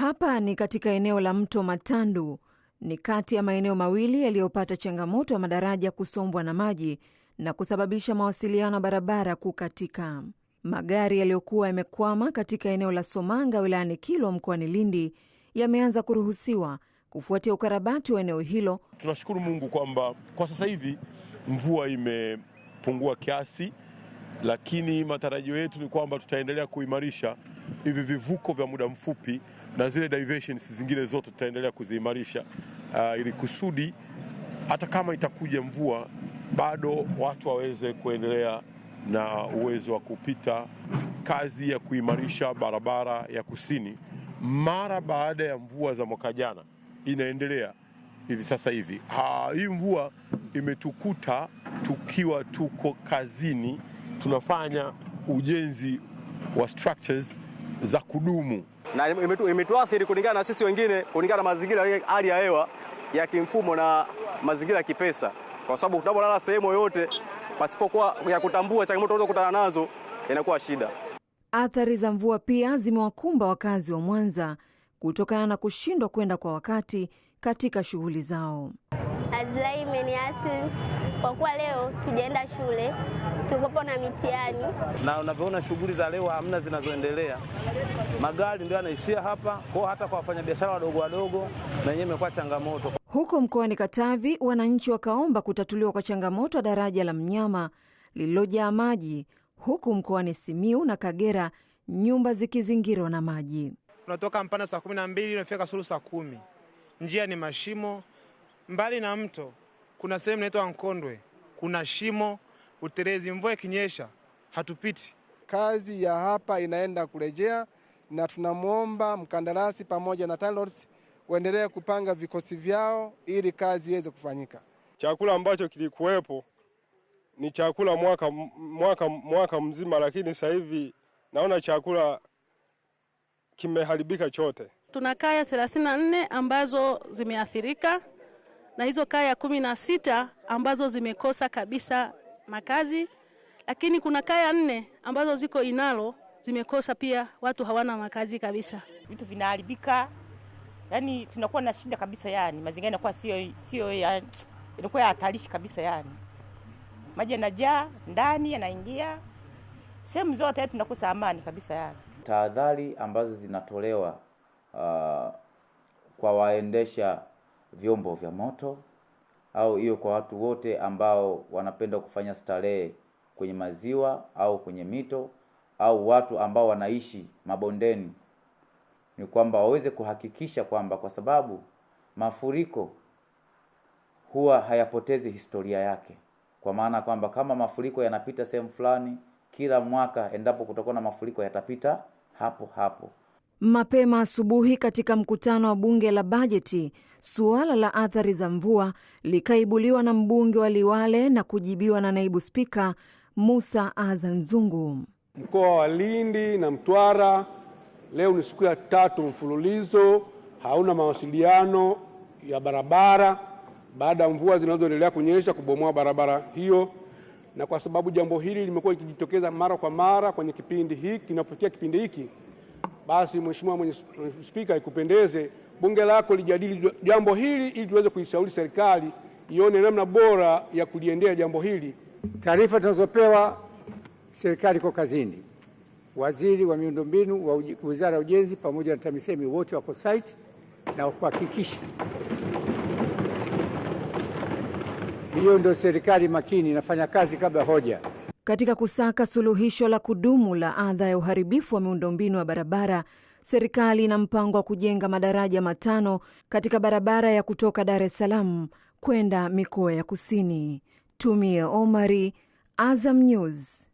Hapa ni katika eneo la mto Matandu, ni kati ya maeneo mawili yaliyopata changamoto ya madaraja kusombwa na maji na kusababisha mawasiliano ya barabara kukatika. Magari yaliyokuwa yamekwama katika eneo la Somanga wilayani Kilwa mkoani Lindi yameanza kuruhusiwa kufuatia ukarabati wa eneo hilo. Tunashukuru Mungu kwamba kwa sasa hivi mvua imepungua kiasi, lakini matarajio yetu ni kwamba tutaendelea kuimarisha hivi vivuko vya muda mfupi na zile diversions zingine zote tutaendelea kuziimarisha uh, ili kusudi hata kama itakuja mvua bado watu waweze kuendelea na uwezo wa kupita. Kazi ya kuimarisha barabara ya kusini mara baada ya mvua za mwaka jana inaendelea hivi sasa hivi. Ha, hii mvua imetukuta tukiwa tuko kazini tunafanya ujenzi wa structures za kudumu, na imetuathiri kulingana na sisi wengine, kulingana na mazingira, hali ya hewa ya kimfumo na mazingira ya kipesa, kwa sababu tunapolala sehemu yoyote pasipokuwa ya kutambua changamoto tunazokutana nazo inakuwa shida. Athari za mvua pia zimewakumba wakazi wa Mwanza kutokana na kushindwa kwenda kwa wakati katika shughuli zao. Azlai Meniasi, kwa kuwa leo tujaenda shule, tukopo na mitihani. Na unavyoona shughuli za leo hamna zinazoendelea, magari ndio yanaishia hapa kwao, hata kwa wafanyabiashara wadogo wadogo na yenyewe imekuwa changamoto. Huko mkoani Katavi, wananchi wakaomba kutatuliwa kwa changamoto ya daraja la Mnyama lililojaa maji, huku mkoani Simiu na Kagera nyumba zikizingirwa na maji. Unatoka Mpanda saa kumi na mbili unafika Kasulu saa kumi, njia ni mashimo Mbali na mto kuna sehemu inaitwa Nkondwe, kuna shimo utelezi, mvua ikinyesha hatupiti. Kazi ya hapa inaenda kurejea, na tunamwomba mkandarasi pamoja na TANROADS waendelee kupanga vikosi vyao ili kazi iweze kufanyika. Chakula ambacho kilikuwepo ni chakula mwaka, mwaka, mwaka mzima, lakini sasa hivi naona chakula kimeharibika chote. Tuna kaya 34 ambazo zimeathirika na hizo kaya kumi na sita ambazo zimekosa kabisa makazi, lakini kuna kaya nne ambazo ziko Inalo zimekosa pia, watu hawana makazi kabisa, vitu vinaharibika, yani tunakuwa na shida kabisa, yani mazingira yanakuwa sio sio, inakuwa ya hatarishi kabisa, yani maji yanajaa ndani yanaingia sehemu zote, tunakosa amani kabisa, yani tahadhari ambazo zinatolewa uh, kwa waendesha vyombo vya moto, au hiyo kwa watu wote ambao wanapenda kufanya starehe kwenye maziwa au kwenye mito au watu ambao wanaishi mabondeni, ni kwamba waweze kuhakikisha kwamba, kwa sababu mafuriko huwa hayapotezi historia yake, kwa maana kwamba kama mafuriko yanapita sehemu fulani kila mwaka, endapo kutakuwa na mafuriko yatapita hapo hapo. Mapema asubuhi katika mkutano wa bunge la bajeti, suala la athari za mvua likaibuliwa na mbunge wa Liwale na kujibiwa na naibu spika Musa Azan Zungu. Mkoa wa Lindi na Mtwara leo ni siku ya tatu mfululizo hauna mawasiliano ya barabara baada ya mvua zinazoendelea kunyesha kubomoa barabara hiyo, na kwa sababu jambo hili limekuwa likijitokeza mara kwa mara kwenye kipindi hiki kinapofikia kipindi hiki basi Mheshimiwa mwenye Spika, ikupendeze bunge lako lijadili jambo hili ili tuweze kuishauri serikali ione namna bora ya kuliendea jambo hili. Taarifa tunazopewa serikali iko kazini, waziri wa miundombinu wa wizara ya ujenzi pamoja na TAMISEMI wote wako site na kuhakikisha hiyo ndio serikali makini inafanya kazi kabla hoja katika kusaka suluhisho la kudumu la adha ya uharibifu wa miundombinu ya barabara, serikali ina mpango wa kujenga madaraja matano katika barabara ya kutoka Dar es Salaam kwenda mikoa ya kusini. Tumie Omari, Azam News.